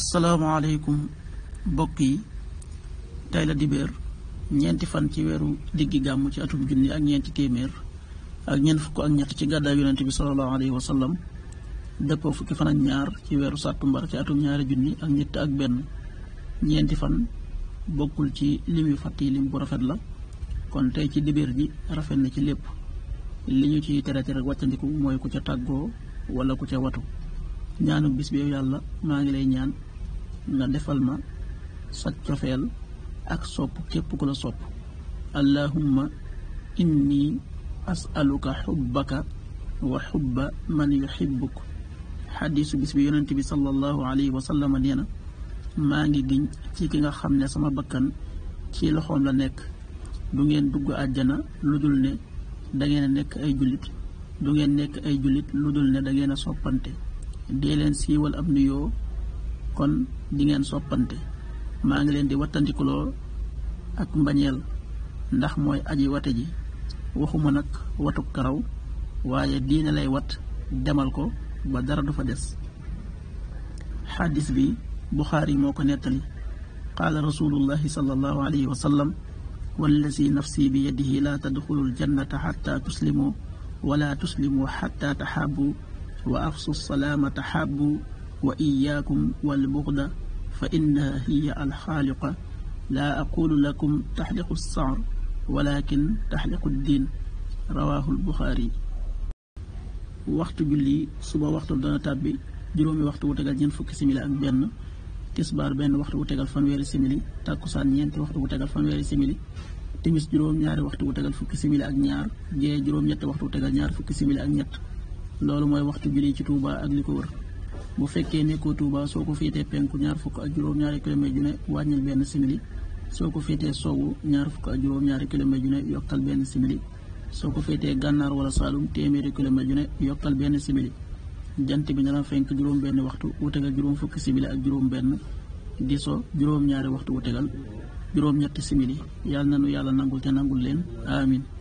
asalaamaaleykum mbokk yi tey la dibéer ñeenti fan ci weeru diggi gàmm ci atum junni ak ñeenti téeméer ak ñeent fukk ak ñett ci gàddaay yonente bi salallahu alayhi wa sallam dëppoo fukki fan ak ñaar ci weeru sàttumbar ci atum ñaari junni ak ñett ak benn ñeenti fan bokkul ci lim yu fàtt yi lim bu rafet la kon tey ci dibéer ji rafet na ci lépp li ñu ciy tere tere wàccandiku mooy ku ca tàggoo wala ku ca watu ñaanu bis bi yàlla maa ngi lay ñaan nga defal ma sa cofeel ak sopp képp ku la sopp allahumma inni asaluka xubbaka wa xubba man yuxibbuk xadiisu bis bi yonent bi sallallahu alayhi wa sallam nee na maa ngi giñ ci ki nga xam ne sama bakkan ci loxoom la nekk du ngeen dugg àjjana lu dul ne da nekk ay jullit du ngeen nekk ay jullit lu dul ne da ngeen a soppante dee leen siiwal ab nuyoo kon di ngeen soppante maa ngi leen di wattandikuloo ak mbañeel ndax mooy aji wate ji waxuma nag watu karaw waaye diine lay wat demal ko ba dara du fa des xadis bi buxaari moo ko nettali qaala rasulullahi sallallahu alayhi wa sallam wallazi nafsi bi yadihi laa tadxulu aljannata xatta tuslimu wala tuslimu xatta taxaabu wa afsu salaama taxaabu wa iyaakum wal buxda fa innaha hiya alxaaliqa laa aqulu lakum taxliqu saar walakin taxliqu diin rawaahul buxaari waxtu julli suba waxtu dana tàbbi juróomi waxtu wu tegal ñeent fukki simili ak benn tisbaar benn waxtu wu tegal fanweeri simili tàkkusaan ñeenti waxtu wu tegal fanweeri simili timis juróom ñaari waxtu wu tegal fukki simili ak ñaar gee juróom ñetti waxtu wu tegal ñaar fukki simili ak ñett loolu mooy waxtu julli ci Tuuba ak li ko wër bu fekkee nekkoo Touba soo ko féetee penku ñaar fukk ak juróom-ñaari kilomètre ju ne wàññil benn simili soo ko féetee sowwu ñaar fukk ak juróom-ñaari kilomètre ju ne yokkal benn simili soo ko féetee gànnaar wala saalum téeméeri kilomètre ju ne yokkal benn simili jant bi dana fenk juróom benn waxtu wu juróom fukki simili ak juróom benn di so juróom-ñaari waxtu wu tegal juróom-ñetti simili yàlla na nu yàlla nangul te nangul leen amin